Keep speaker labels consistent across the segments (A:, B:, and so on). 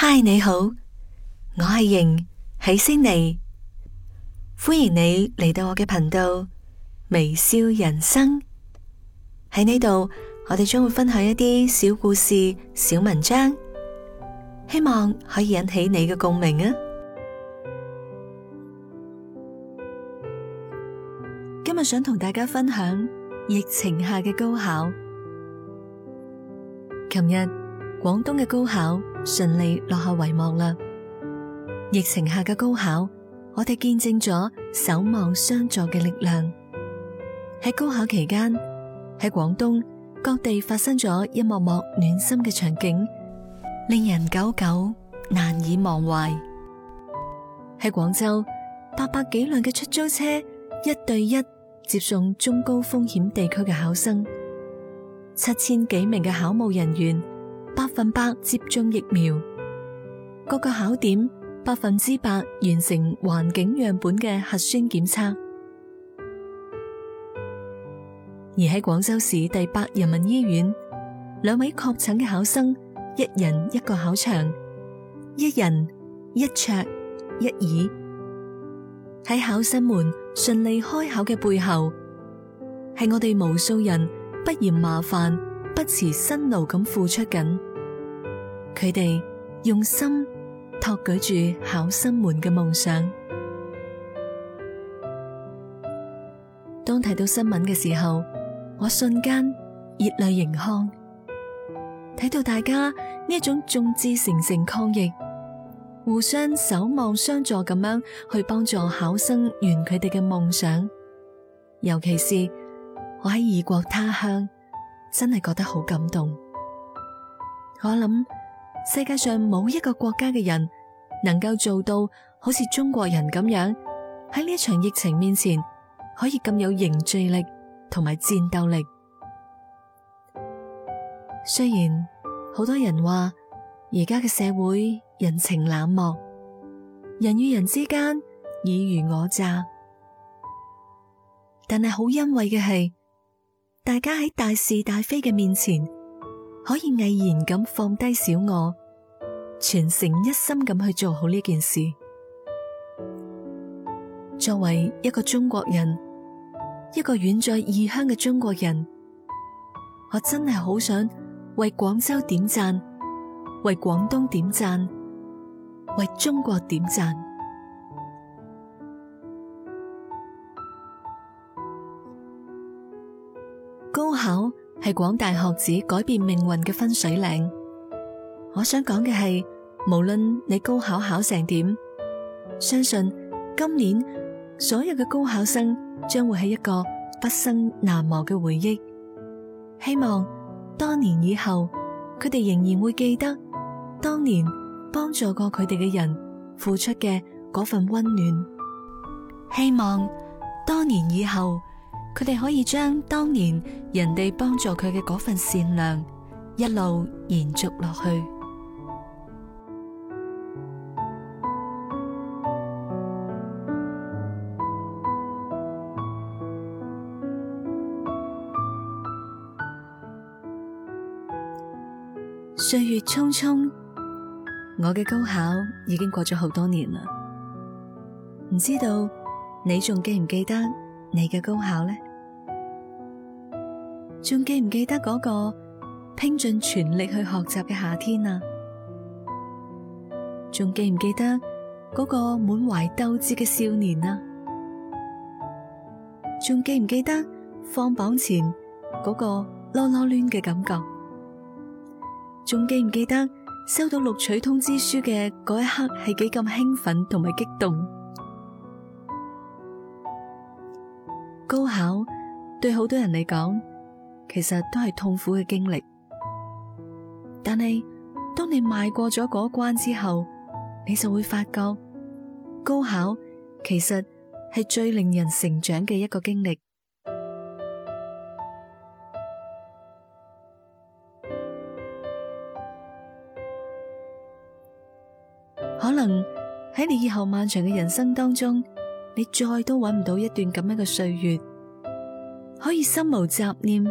A: 嗨，你好，我係瑩，喺悉尼，歡迎你嚟到我嘅頻道微笑人生。喺呢度，我哋將會分享一啲小故事、小文章，希望可以引起你嘅共鳴啊！今日想同大家分享疫情下嘅高考。琴日。廣東嘅高考順利落下帷幕啦！疫情下嘅高考，我哋見證咗守望相助嘅力量。喺高考期間，喺廣東各地發生咗一幕幕暖心嘅場景，令人久久難以忘懷。喺廣州，八百幾輛嘅出租車一對一接送中高風險地區嘅考生，七千幾名嘅考務人員，百分百接種疫苗，各個考點百分之百完成環境樣本嘅核酸檢測。而喺廣州市第八人民醫院，兩位確診嘅考生，一人一個考場，一人一桌一椅。喺考生們順利開考嘅背後，係我哋無數人不嫌麻煩、不辭辛勞咁付出緊。佢哋用心托舉住考生們嘅夢想。當睇到新聞嘅時候，我瞬間熱淚盈眶。睇到大家呢一種眾志成城抗疫、互相守望相助咁樣去幫助考生圓佢哋嘅夢想，尤其是我喺異國他鄉，真係覺得好感動。我諗。世界上冇一個國家嘅人能夠做到好似中國人咁樣喺呢一場疫情面前可以咁有凝聚力同埋戰鬥力。雖然好多人話而家嘅社會人情冷漠，人與人之間爾虞我詐，但係好欣慰嘅係，大家喺大是大非嘅面前。可以毅然咁放低小我，全城一心咁去做好呢件事。作為一個中國人，一個遠在異鄉嘅中國人，我真係好想為廣州點讚，為廣東點讚，為中國點讚。高考。係廣大學子改變命運嘅分水嶺。我想講嘅係，無論你高考考成點，相信今年所有嘅高考生將會係一個畢生難忘嘅回憶。希望多年以後，佢哋仍然會記得當年幫助過佢哋嘅人付出嘅嗰份溫暖。希望多年以後。佢哋可以將當年人哋幫助佢嘅嗰份善良一路延續落去。歲月匆匆，我嘅高考已經過咗好多年啦，唔知道你仲記唔記得你嘅高考呢？仲記唔記得嗰個拼盡全力去學習嘅夏天啊？仲記唔記得嗰個滿懷鬥志嘅少年啊？仲記唔記得放榜前嗰個囉囉攣嘅感覺？仲記唔記得收到錄取通知書嘅嗰一刻係幾咁興奮同埋激動？高考對好多人嚟講。其實都係痛苦嘅經歷，但係當你邁過咗嗰關之後，你就會發覺，高考其實係最令人成長嘅一個經歷。可能喺你以後漫長嘅人生當中，你再都搵唔到一段咁樣嘅歲月，可以心無雜念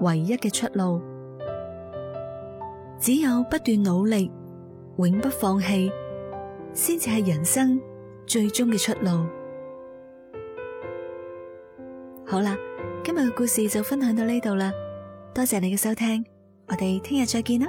A: 唯一嘅出路，只有不斷努力，永不放棄，先至係人生最終嘅出路。好啦，今日嘅故事就分享到呢度啦，多謝你嘅收聽，我哋聽日再見啦。